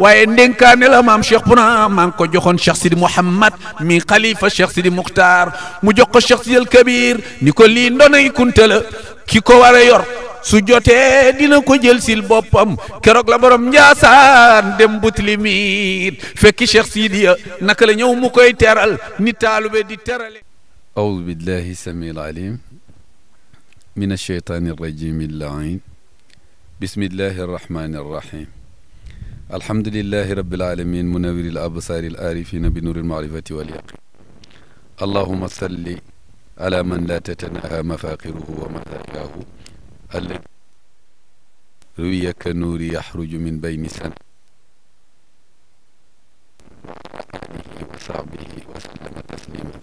waaye ndénkaane la maam Cheikh Bouna maa ngi ko joxoon Cheikh Sidi Mouhamad mi xalifa Cheikh Sidi Mukhtar mu jox ko Cheikh Sidi El Kabir ni ko lii ndonay kunta la ki ko war a yor su jotee dina ko jël sil boppam keroog la borom njaasaan dem butlimit fekki Cheikh Sidiya naka la ñëw mu koy teral ni taalube di terale أعوذ بالله السميع العليم من الشيطان الرجيم اللعين بسم الله الرحمن الرحيم الحمد لله رب العالمين منور الأبصار الآرفين بنور المعرفة واليقين اللهم صل على من لا تتناهى مفاقره ومزاياه الذي روي كالنور يخرج من بين سن وصحبه وسلم تسليما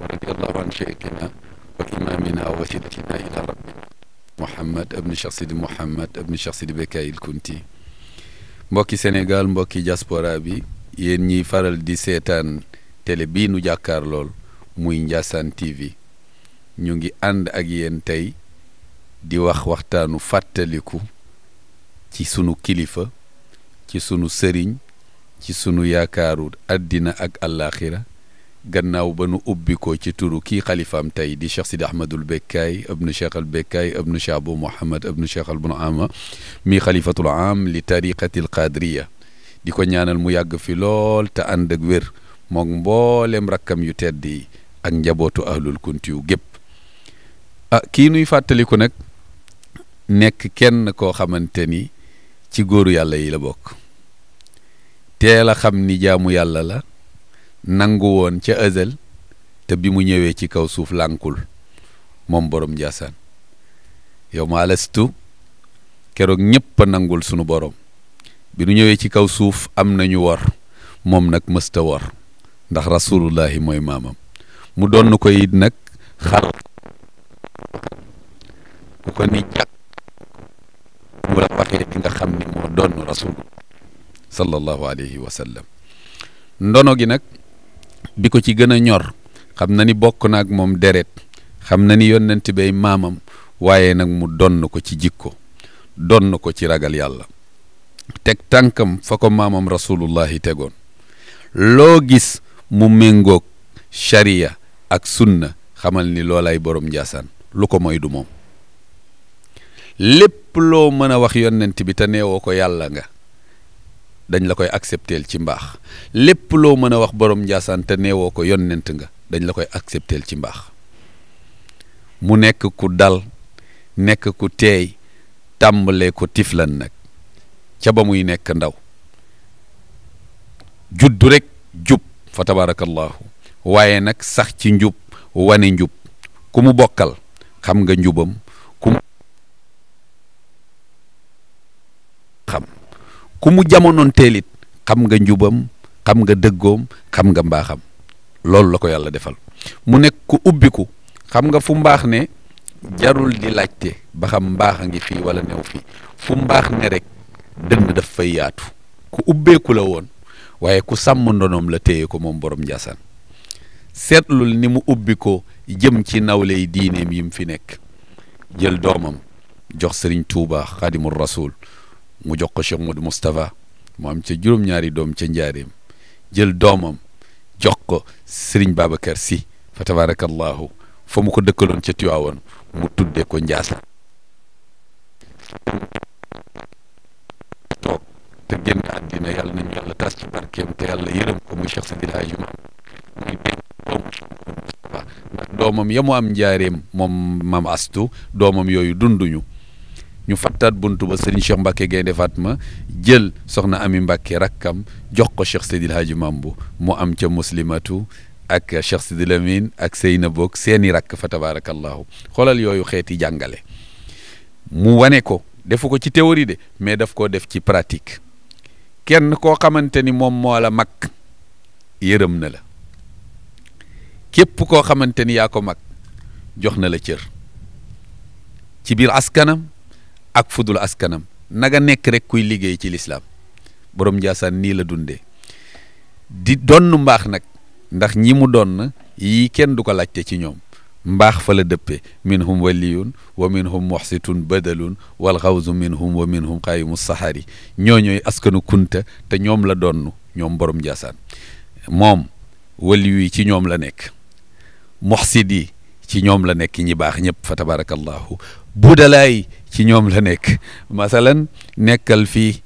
ورضي الله عن شيخنا وإمامنا وسيدتنا إلى ربنا محمد ابن شخصي محمد ابن شخصي بكاي الكنتي mbokki Sénégal mbokki diaspora bi yéen ñiy faral di seetaan télé bii nu jàkkaar lool muy Ndiassane TV ñu ngi ànd ak yéen tey di wax waxtaanu fàttaliku ci sunu kilifa ci sunu sëriñ ci sunu yaakaaru àddina ak àllaaxira gannaaw ba nu ubbi ko ci turu kii xalifaam tey di cheikh sidi ahmadul bekkaay ibnu cheikh al bekkaay ibnu cheikh abu mouhamad ibnu cheikh al bunama mi xalifatul am li tariqati al qadriya di ko ñaanal mu yàgg fi lool te ànd ak wér mook mboolem rakkam yu tedd yi ak njabootu ahlul kunti yu ah kii nuy fàttaliku nag nekk kenn koo xamante ni ci góoru yàlla yi la bokk teel a ni jaamu yàlla la nangu woon ca azal te bi mu ñëwee ci kaw suuf lànkul moom boroom Njaasaan yow ma alastu keroog ñépp nangul sunu boroom bi nu ñëwee ci kaw suuf am na ñu wor moom nag mësta wor ndax rasulullahi mooy maamam mu doon ko it nag xar ku ko ni jàkk mu la waxee nga xam ni moo doon rasul sallallahu alayhi wa sallam ndono gi nag biko ci gëna ñor xamna ni bokk na ak moom deret xamna ni yonent bay mamam waaye nak mu donn ko ci jikko donn ko ci ragal yalla tek tankam fako mamam rasulullah tegon lo gis mu mengok sharia ak sunna xamal ni lolay borom jassan lu ko moy du mom lepp lo meuna wax yonent bi ta neewoko yalla nga dañ la koy accepteel ci mbaax lépp loo mën a wax boroom Njaasaan te neewoo ko yonent nga dañ la koy accepteel ci mbaax mu nekk ku dal nekk ku teey tàmbalee ko tiflan nag ca ba muy nekk ndaw juddu rek jub fa tabaarakallaahu waaye nag sax ci njub wane njub ku mu bokkal xam nga njubam ku mu xam ku mu jamonoon teelit xam nga njubam xam nga dëggoom xam nga mbaaxam loolu la ko yàlla defal mu nekk ku ubbiku xam nga fu mbaax ne jarul di laajte ba xam mbaax a ngi fi wala new fi fu mbaax ne rek dënd daf fa yaatu ku ubbeeku la woon waaye ku sàmm ndonoom la téye ko moom boroom Njaasaan seetlul ni mu ubbikoo jëm ci nawley diineem yi mu fi nekk jël doomam jox sëriñ Tuubaa xaadimul rasuul mu jox ko Cheikh Modou Moustapha mu am ca juróom-ñaari doom ca njaareem jël doomam jox ko Serigne Babacar Sy fa tabarakallahu foo mu ko dëkkaloon ca Tiwaawoon mu tudde ko Njaasaan toog te génn àddina yàlla nañu yàlla tas ci barkeem te yàlla yërëm ko muy Cheikh Sidil doomam ya mu am njaareem moom maam astu doomam yooyu dunduñu ñu fatat buntu ba Serigne Cheikh Mbacke gende Fatma jël soxna Ami Mbacke rakam jox ko Cheikh Seydil Hadji Mambu mu am ci muslimatu ak Cheikh Sidi amin ak Seyna bok seni rak fa tabarakallahu xolal yoyu xeti jàngale mu wane ko defu ko ci théorie de mais daf ko def ci pratique kenn ko xamanteni mom mo la mak yeureum na la kep ko xamanteni ya ko mak jox na la cieur ci bir askanam ak fudul askanam naga nekk rek kuy liggéey ci lislaam borom Ndiassane nii la dundee di donn mbaax nag ndax ñi mu donn yi kenn du ko laajte ci ñoom mbaax fa la dëppee minhum waliyun wa minhum muxsitun badalun wal xawsu minhum wa minhum xaayimu saxaari ñoo ñooy askanu kunta te ñoom la donn ñoom borom Ndiassane moom waliyu ci ñoom la nekk muxsit ci ñoom la nekk ñi baax ñëpp fa tabarakallahu budalaay ci ñoom la nekk masalan nekkal fii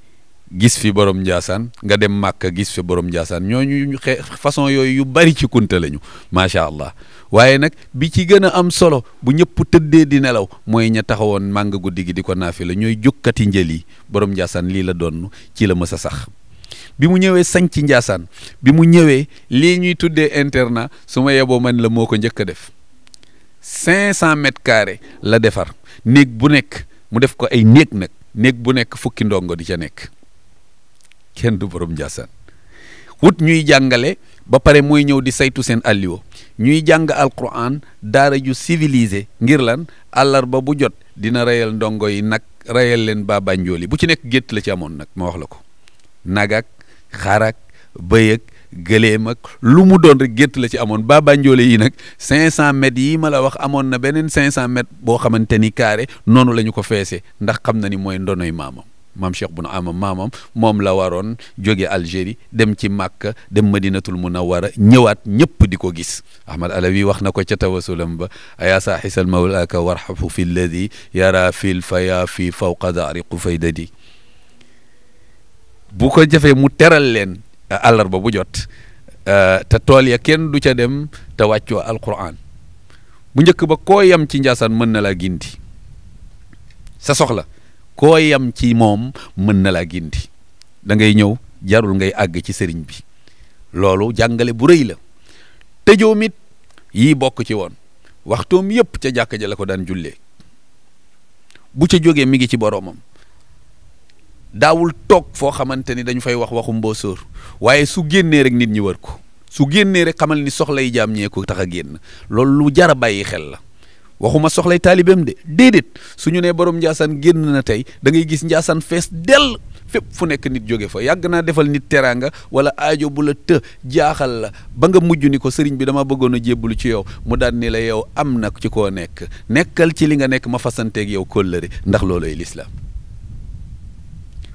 gis fi borom Ndiassane nga dem màkk gis fi borom Ndiassane ñooñu xe façon yooyu yu bari ci kunta lañu macha allah waaye nag bi ci gën a am solo bu ñëpp tëddee di nelaw mooy ña taxawoon màng guddi gi di ko naafi la ñooy jukkati njël yi borom Ndiassane lii la doon ci la mës a sax bi mu ñëwee sanc Ndiassane bi mu ñëwee lii ñuy tuddee internat su ma yeboo man la moo ko njëkk a def. cinq cent mètres la defar néeg bu nekk mu def ko ay néeg nag néeg bu nekk fukki ndongo di ca nekk kenn du boroom Ndiassane wut ñuy jàngale ba pare mooy ñëw di saytu seen alliwo ñuy jàng alquran daara ju civilisé ngir lan ba bu jot dina reyal ndongo yi nag reyal leen baabanjool yi bu ci nekk gétt la ci amoon nag ma wax la ko nagak xarak bëyëg gëleem ak lu mu doon rek gétt la ci amoon baa banjoole yi nag 500 mètres yi ma la wax amoon na beneen 500 mètres boo xamante ni carré noonu la ñu ko feesee ndax xam na ni mooy ndonoy maamam maam Cheikh Bouna Ama maamam moom la waroon jóge Algérie dem ci Màkka dem Madinatul Munawwara ñëwaat ñëpp di ko gis Ahmad Alawi wax na ko ca tawasulam ba ayaa saaxisal mawlaaka warxafu fi lladi yara fil faya fi fawqa daari qufaydadi bu ko jafee mu teral leen Euh, àllarba bu jot euh, te tool ya kenn du ca dem te wàccoo alquran bu njëkk ba ko yam ci njaasaan mën na laa gindi sa soxla ko yam ci moom mën na laa gindi da ngay ñëw jarul ngay àgg ci sëriñ bi loolu jàngale bu rëy la tëjoom it yii bokk ci woon waxtoom yépp ca jàkk ja la ko daan jullee bu ca jógee mi ngi ci boroomam daawul toog foo xamante ni dañu fay wax waxu mboosóor waaye su génnee rek nit ñi war ko su génnee rek xamal ni soxlay jaam ñee ko tax a génn loolu lu jar a bàyyi xel la waxuma soxlay taalibeem de déedéet su ñu nee borom Ndiassane génn na tey dangay gis Ndiassane fees dell fépp fu nekk nit jóge fa yàgg naa defal nit teraanga wala aajo bu la të jaaxal la ba nga mujj ni ko sëriñ bi dama bëggoon a jébbalu ci yow mu daan ni la yow am na ci ko nekk nekkal ci li nga nekk ma fasanteeg yow kóllëre ndax looloy lislaam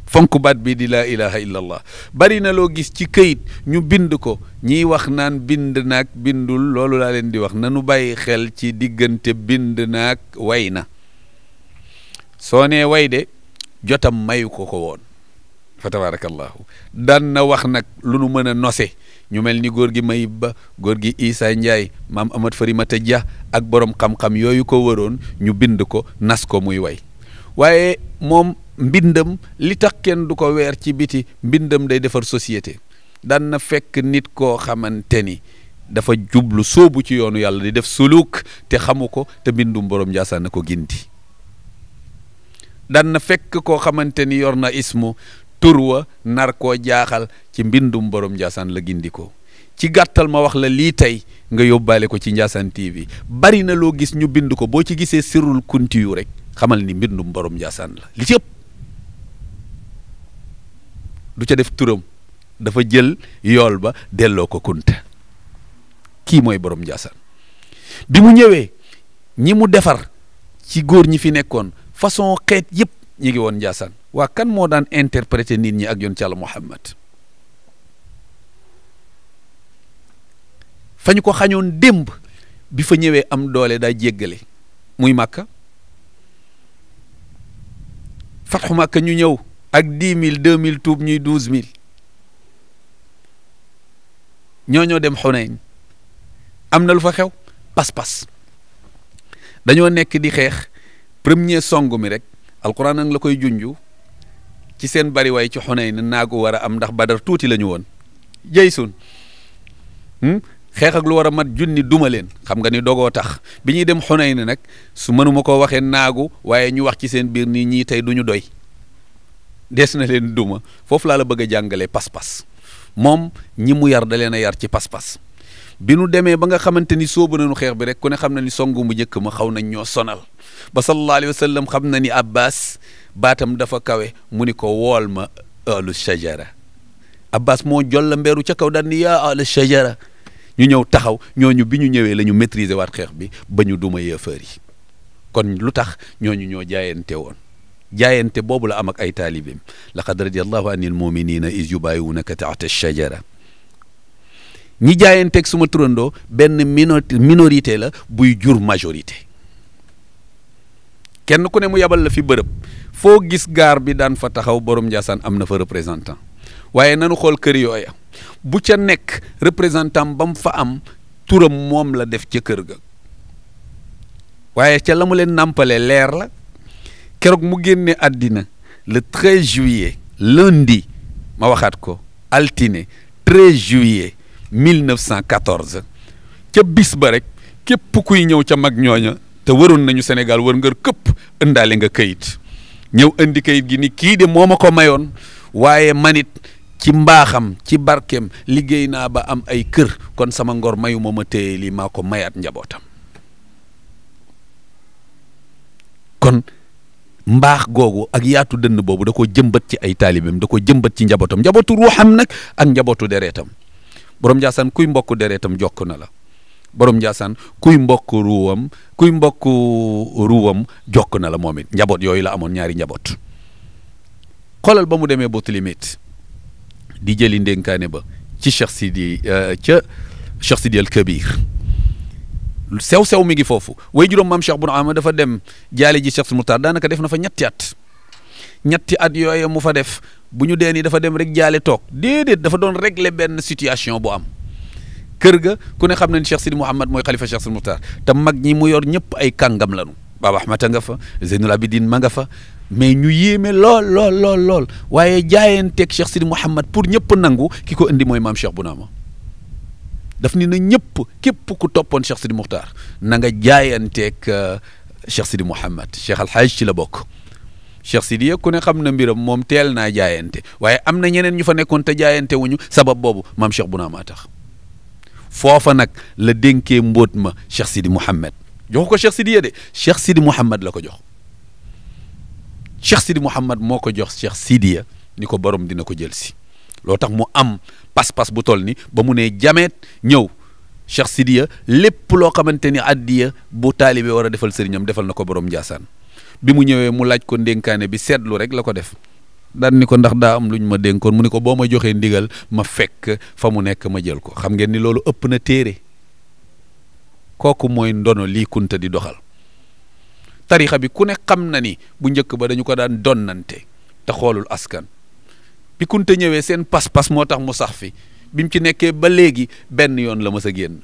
fonk baat bi di laa ilaha illa allah bari na loo gis ci kayit ñu bind ko ñiy wax naan bind naag bindul loolu laa leen di wax nanu bàyyi xel ci diggante bind naag way na soo nee way de jotam mayu ko ko woon fa tabarakallahu daan na wax nag lu nu mën a nose ñu mel ni góor gi Mayib Ba góor gi Issa Ndiaye maam Amad Farimata Dia ak boroom xam-xam yooyu ko waroon ñu bind ko nas ko muy way waaye moom mbindam li tax kenn du ko weer ci biti mbindam day defar société dan na fekk nit koo xamante dafa jublu soobu ci yoonu yàlla di def suluk te xamu te bindum borom jasan aku gindi dan na fekk koo xamante ni yor na ismu tur wa nar koo jaaxal ci mbindum borom Njaasaan la gindi ko ci gàttal ma wax la lii tey nga yóbbaale ko ci Ndiassane TV bari na loo gis ñu ko boo ci gisee sirrul kunti rek xamal ni mbindum borom Ndiassane la li ci ëpp du ca def turam dafa jël yool ba delloo ko kunta kii mooy borom Njaasaan bi mu ñëwee ñi mu defar ci góor ñi fi nekkoon façon xeet yëpp ñu ngi woon Njaasaan waa kan moo daan interpréter nit ñi ak Muhammad fa ñu ko xañoon démb bi fa ñëwee am doole daa jéggale muy màkka fatxu màkka ñu ñëw ak dix mille deux mille tuub ñuy douze mille ñoo ñoo dem Xunayn am na lu fa xew pas-pas dañoo nekk di xeex premier song mi rek alquran nag la koy junju ci seen bariwaay ci Xunayn naagu war a am ndax badar tuuti lañu woon jëy sun hmm? xeex lu war a mat junni duma leen xam nga ni dogoo tax bi ñuy dem Xunayn nag su mënuma ko waxee naagu waaye ñu wax ci seen biir nii ñii tey duñu doy dees na leen duma foofu laa la bëgg a jàngalee pas-pas moom ñi mu yar da leen a yar ci pas-pas bi nu demee ba nga xamante ni sóobu nañu xeex bi rek ku ne xam na ni song mu njëkk ma xaw nañ ñoo sonal ba sallallahu alayhi wa sallam xam na ni Abbas baatam dafa kawe mu ni ko wool ma ahlu shajara Abbas moo jol la mbeeru ca kaw daal ni yaa ahlu shajara ñu ñëw taxaw ñooñu bi ñu ñëwee la ñu maîtriser waat xeex bi ba ñu duma yéefar yi kon lu tax ñooñu ñoo jaayante woon jaayante boobu la am ak ay taalibeem laqad radiyallahu anil muminina is yubayiwunaka taxta shajara ñi jaayanteeg suma turandoo benn minorité la buy jur majorité kenn ku ne mu yabal la fi bërëb foo gis gaar bi daan fa taxaw borom Ndiassane am na fa représentant waaye nanu xool kër yooya bu ca nekk représentant ba mu fa am turam moom la def ca kër ga waaye ca la mu leen nàmpale leer la keroog mu génne àddina le juillet lundi ma waxaat ko altine 13 juillet 1914 ca bis ba rek képp kuy ñëw ca mag ñooña te waroon nañu Sénégal wër ngër këpp ëndaale nga kayit ñëw indi kayit gi ni kii de moo ma ko mayoon waaye manit ci mbaaxam ci barkeem liggéey naa ba am ay kër kon sama ngor mayu ma ma téye lii maa ko mayaat njabootam kon mbaax googu ak yaatu dënn boobu da ko jëmbat ci ay taalibeem da ko jëmbat ci njabootam njabootu ruuxam nag ak njabootu dereetam borom Ndiassane kuy mbokk dereetam jokk na la borom Ndiassane kuy mbokk ruwam kuy mbokk ruwam jokk na la moom it njaboot yooyu la amoon ñaari njaboot xoolal ba mu demee ba tilimit di jëli ndénkaane ba ci Cheikh Sidi euh, ca Cheikh Sidi al Kabir sew-sew mi ngi foofu way juróom maam Cheikh Bun Ama dafa dem jaale ji Cheikh Murtada daanaka def na fa ñetti at ñetti at yooyu mu fa def bu ñu dee ni dafa dem rek jaale toog déedéet dafa doon régler benn situation bu am kër ga ku ne xam na ni Cheikh Sidi Mouhamad mooy xalifa Cheikh Sidi te mag ñi mu yor ñëpp ay kàngam lanu Baba Ahmata nga fa Zeynul Abidin ma nga fa mais ñu yéeme lool lool lool lool waaye jaayanteeg Cheikh Sidi Mouhamad pour ñëpp nangu ki ko indi mooy maam Cheikh ama daf ni na ñëpp képp ku toppoon Cheikh Sidi Moukhtar nanga nga jaayanteeg euh, Cheikh Sidi Mouhamed Cheikh Al ci la bokk Cheikh Sidi ku ne xam na mbiram moom teel naa jaayante waaye am na ñeneen ñu fa nekkoon te jaayante wuñu sabab boobu maam Cheikh bu naa maa tax foofa nag la dénkee mbóot ma Cheikh Sidi Mouhamed joxu ko Cheikh Sidi yee de Cheikh Sidi Mouhamed la ko jox Cheikh Sidi Mouhamed moo ko jox Cheikh Sidi ya ni ko borom dina ko jël si. loo tax mu am pas-pas bu toll ni ba mu ne jameet ñëw Cheikh Sidiya lépp loo xamante ni addiya bu taalibe war a defal sëriñam defal na ko borom Njaasaan bi mu ñëwee mu laaj ko ndénkaane bi seetlu rek la ko def daan ni ko ndax daa am lu ñu ma dénkoon mu ni ko boo ma joxee ndigal ma fekk fa mu nekk ma jël ko xam ngeen ni loolu ëpp na téere kooku mooy ndono lii kunta di doxal tarixa bi ku nekk xam na ni bu njëkk ba dañu ko daan donnante te xoolul askan bi kunta ñëwee seen pas-pas moo tax mu sax fi bi ci nekkee ba léegi benn yoon la mës a génn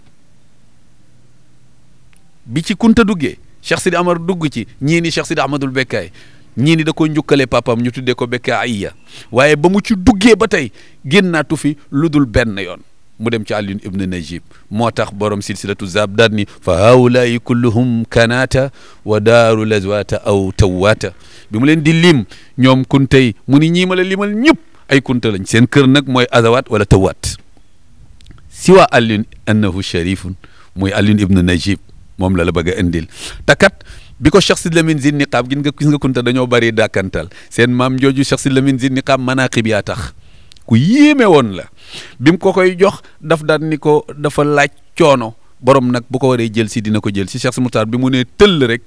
bi ci kunta duggee Cheikh Sidi Amar dugg ci ñii ni Cheikh Sidi Ahmadul Bekkaay ñii ni da ko njukkalee papam ñu tuddee ko Bekkaayya waaye ba mu ci duggee ba tey génnaatu fi lu dul benn yoon mu dem ci Alioune Ibn Najib moo tax borom silsilatu zab daan ni fa haulayi kulluhum kanaata wa daaru lazwaata aw tawwaata bi mu leen di lim ñoom kuntey mu ni ñii ma la limal ñëpp ay kunta lañ seen kër nag mooy azawaat wala tawaat si waa Alioune annahu sharifun muy Alioune ibnu Najib moom la la bëgg a indil te bi ko Cheikh Sidi Lamine Zine niqaab gis nga gis nga kunta dañoo bari dàkkantal seen maam jooju Cheikh Sidi Lamine Zine niqaab manaqib yaa tax ku yéeme woon la bi mu ko koy jox daf daan ni ko dafa laaj coono borom nag bu ko waree jël si dina ko jël si Cheikh Moutar bi mu nee tël rek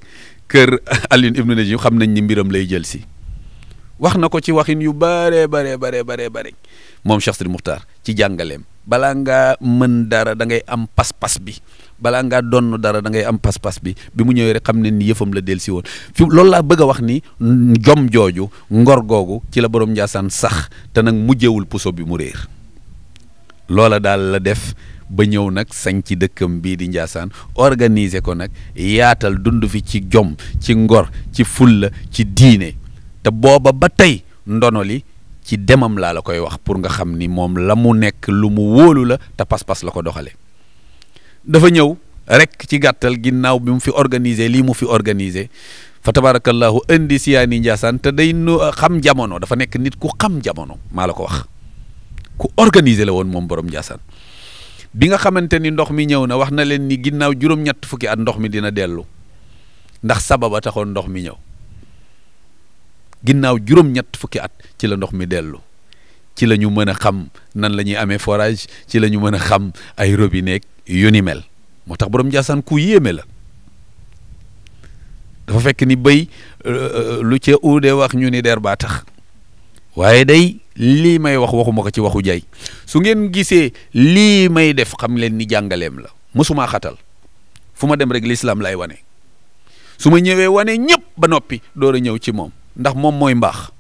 kër Alioune ibnu Najib xam nañ ni mbiram lay jël si. wax na ko ci waxin yu bare bare bare bare bare moom Cheikh Sidi Muxtaar ci jàngaleem balaa ngaa mën dara da ngay am pas-pas bi balaa ngaa donn dara da ngay am pas-pas bi bi mu ñëwee rek xam ne ni yëfam la dellusi woon fi loolu laa bëgga wax ni jom jooju ngor googu ci la borom Njaasaan sax te nag mujjewul puso bi mu réer loola daal la def ba ñëw nag sañ ci dëkkam bii di Njaasaan organiser ko nag yaatal dund fi ci jom ci ngor ci fulla ci diine te booba ba tey ndono li ci demam laa la koy wax pour nga xam ni moom la mu nekk lu mu wóolu la te pas-pas la ko doxale dafa ñëw rek ci gàttal ginnaaw bi mu fi organiser lii mu fi organiser fa tabarakallahu indi siyaani Ndiassane te day xam jamono dafa nekk nit ku xam jamono maa la ko wax ku organiser la woon moom borom Ndiassane bi nga xamante ni ndox mi ñëw na wax na leen ni ginnaaw juróom-ñett fukki at ndox mi dina dellu ndax sababa taxoon ndox mi ñëw ginnaaw juróom-ñett fukki at ci la ndox mi dellu ci la ñu mën a xam nan la ñuy amee forage ci la ñu mën a xam ay robinet yu ni moo tax borom Ndiassane ku yéeme la dafa fekk ni béy euh, euh, lu ca uude wax ñu ni der baa tax waaye day lii may wax waxuma ko ci waxu jay su ngeen gisee lii may def xam leen ni jàngaleem la mësumaa xatal fu ma dem rek lislaam lay wane su ma ñëwee wane ñëpp ba noppi door a ñëw ci moom ndax moom mooy mbaax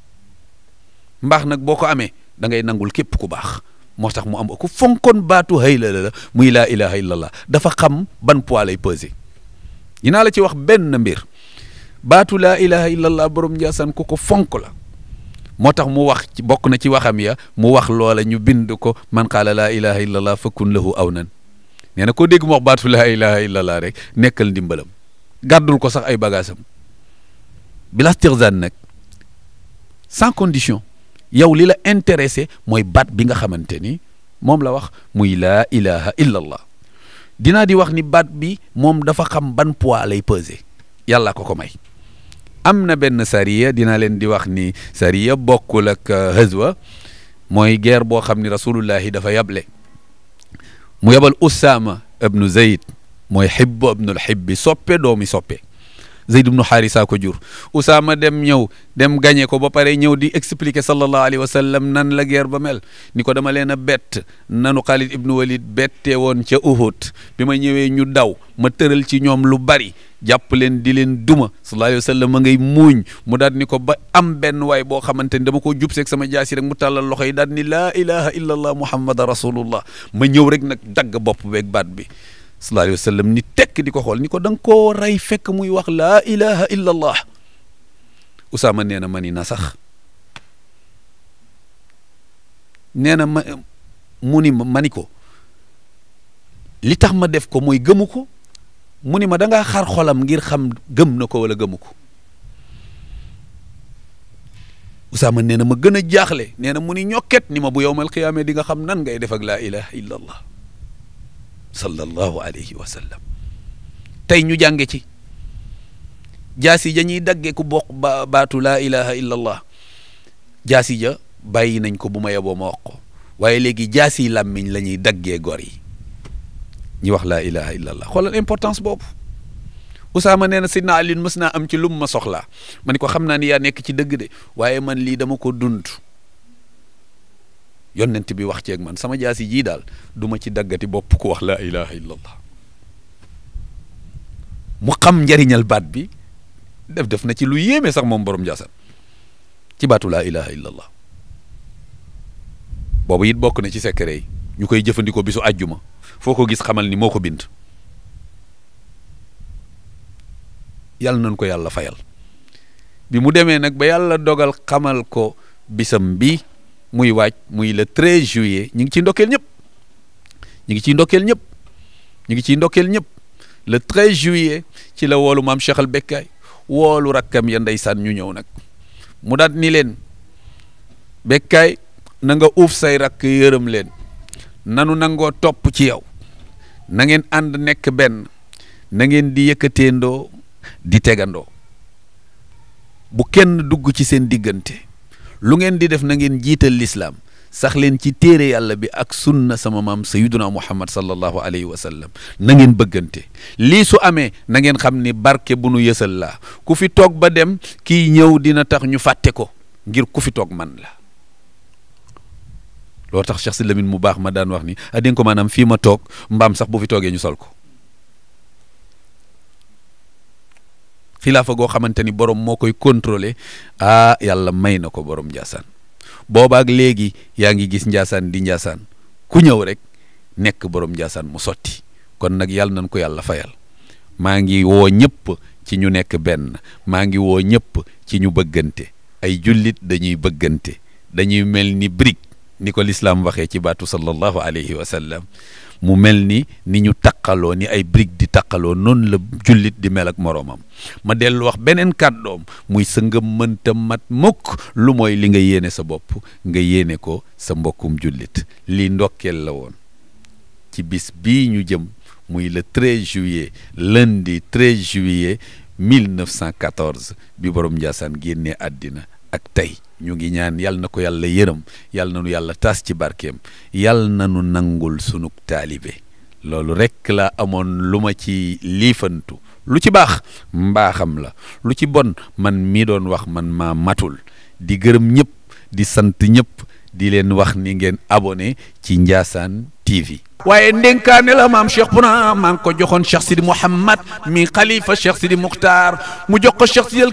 mbaax nag boo ko amee dangay nangul képp ku baax moo tax mu am ko fonkoon baatu hayla la la muy laa ilaha illallah dafa xam ban poids lay peser dinaa la ci wax benn mbir baatu laa ilaha illallah borom njaasaan ku ko fonk la moo tax mu wax ci bokk na ci waxam ya mu wax loola ñu bind ko man qaala laa ilaha illallah fakkun lahu awnan nee na koo dégg mu wax baatu laa ilaha illallah rek nekkal ndimbalam gàddul ko sax ay bagaasam bila stixzaan nag sans condition yow li la intéressé moy bat bi nga xamanteni mom la wax muy la ilaha illa allah dinaa di wax ni bat bi mom dafa xam ban poids lay peser yàlla ko ko may amna ben sariya dina len di wax ni sariya bokul ak hazwa moy guerre bo xamni rasulullah dafa yable mu yabal usama ibn Zayd moy mooy ibn al xibbi soppe domi soppe Zayd ibnu Haarisa ko jur Usaama dem ñëw dem gañe ko ba pare ñëw di expliquer sallallahu alayhi wa sallam nan la ger ba mel ni ko dama leen a bett nanu Xaalid ibnu Walid bettee woon ca Uhud bi ma ñëwee ñu daw ma tëral ci ñoom lu bari jàpp leen di leen duma sallallahu alayhi wa sallam ma ngay muuñ mu daal ni ko ba am benn waay boo xamante ni dama ko jub seeg sama jaasi rek mu tàllal loxo yi daal ni laa ilaha illa allah muhammada rasulullah ma ñëw rek nag dagg bopp beeg baat bi sallallahu alayhi wa sallam ni tekk di ko xool ni ko da nga koo rey fekk muy wax laa ilaha illa allah usaama nee na ma ni na sax nee na ma mu ni ma ni ko li tax ma def ko mooy gëmu ko mu ni ma da ngaa xar xolam ngir xam gëm na ko wala gëmu ko usaama nee na ma gën a jaaxle nee na mu ni ñokket ni ma bu yowmal qiyaame di nga xam nan ngay def ak laa ilaha illa sallallahu alayhi wa sallam tey ñu jànge ci jaasi ja ñuy dagge ku bokk ba baatu laa ilaha illa jaasi ja bàyyi nañ ko bu ma yeboo ma wax waaye léegi jaasi làmmiñ la ñuy daggee gor yi ñi wax laa ilaha illa allah xoolal importance boobu Usaama nee na si naa Ali mës naa am ci lum ma soxlaa ma ni ko xam naa ni yaa nekk ci dëgg de waaye man lii dama ko dund yonent bi wax ak man sama jasi ji dal duma ci dagati bop ku wax la ilaha illallah mu xam njariñal bat bi def def na ci lu yeme sax mom borom jassat ci batu la ilaha illallah bobu yit bok na ci secret yi jëfëndiko bisu aljuma foko gis xamal ni moko ko bind yalla nañ ko yalla fayal bi mu demee nak ba yalla dogal xamal ko bisam bi muy waaj muy le 13 juillet ñu ngi ciy ndokkeel ñëpp ñu ngi ciy ndokkeel ñëpp ñu ngi ciy ndokkeel ñëpp le 13 juillet ci la woolu maam Cheikh al Bekkaay woolu rakkam ya ndeysaan ñu ñëw nag mu daat ni leen Bekkaay na nga uuf say rakk yërëm leen nanu nangoo topp ci yow na ngeen ànd nekk benn na ngeen di yëkkateendoo di tegandoo bu kenn dugg ci seen diggante lu ngeen di def na ngeen jiital lislaam sax leen ci téere yàlla bi ak sunna sama maam sayyiduna muhammad sallallahu alayhi wa sallam na ngeen bëggante lii su amee na ngeen xam ni barke bu nu yësal laa ku fi toog ba dem kii ñëw dina tax ñu fàtte ko ngir ku fi toog man la loo tax Cheikh la Lamin mu baax ma daan wax ni adénga ah, ko maanaam fii ma toog mbaam sax bu fi toogee ñu sol ko xilaafa goo xamante ni borom moo koy contrôler ah yàlla may na ko boroom njaasaan boobaak léegi yaa ngi gis njaasaan di njaasaan ku ñëw rek nekk borom njaasaan mu sotti kon nag yàlla nañ ko yàlla fayal maa ngi woo ñëpp ci ñu nekk benn maa ngi woo ñëpp ci ñu bëggante ay jullit dañuy bëggante dañuy mel ni brique ni ko lislaam waxee ci baatu sallallahu alayhi wa sallam mu mel ni ni ñu taqaloo ni ay brique di taqaloo noonu la jullit di mel ak moroomam ma dellu wax beneen kàddoom muy sa nga mënta mat mukk lu mooy li nga yéene sa bopp nga yéene ko sa mbokkum jullit lii ndokkeel la woon ci bis bi ñu jëm muy le 13 juillet lundi 13 juillet 1914 bi borom Njaasaan génne àddina ak tey ñu ngi ñaan yàlla na ko yàlla yërëm yàlla na nu yàlla taas ci barkeem yàlla na nu nangul sunug taalibe loolu rekk la amoon lu ma ci liifantu lu ci baax mbaaxam la lu ci bon man mii doon wax man maa matul di gërëm ñëpp di sant ñëpp di leen wax ni ngeen abone ci njaasaan TV waaye ndénkaane la maam Cheikh Bouna maa ngi ko joxoon Cheikh Sidi Mouhamad mi xalifa Cheikh Sidi Mukhtar mu jox ko Cheikh Sidi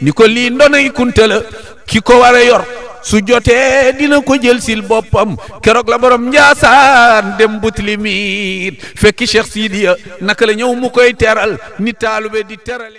ni ko lii ndonay kunta la ki ko war yor su jotee dina ko jël sil boppam keroog la borom njaasaan dem butlimiit fekki Cheikh Sidiya naka la ñëw mu koy teral ni taalube di terale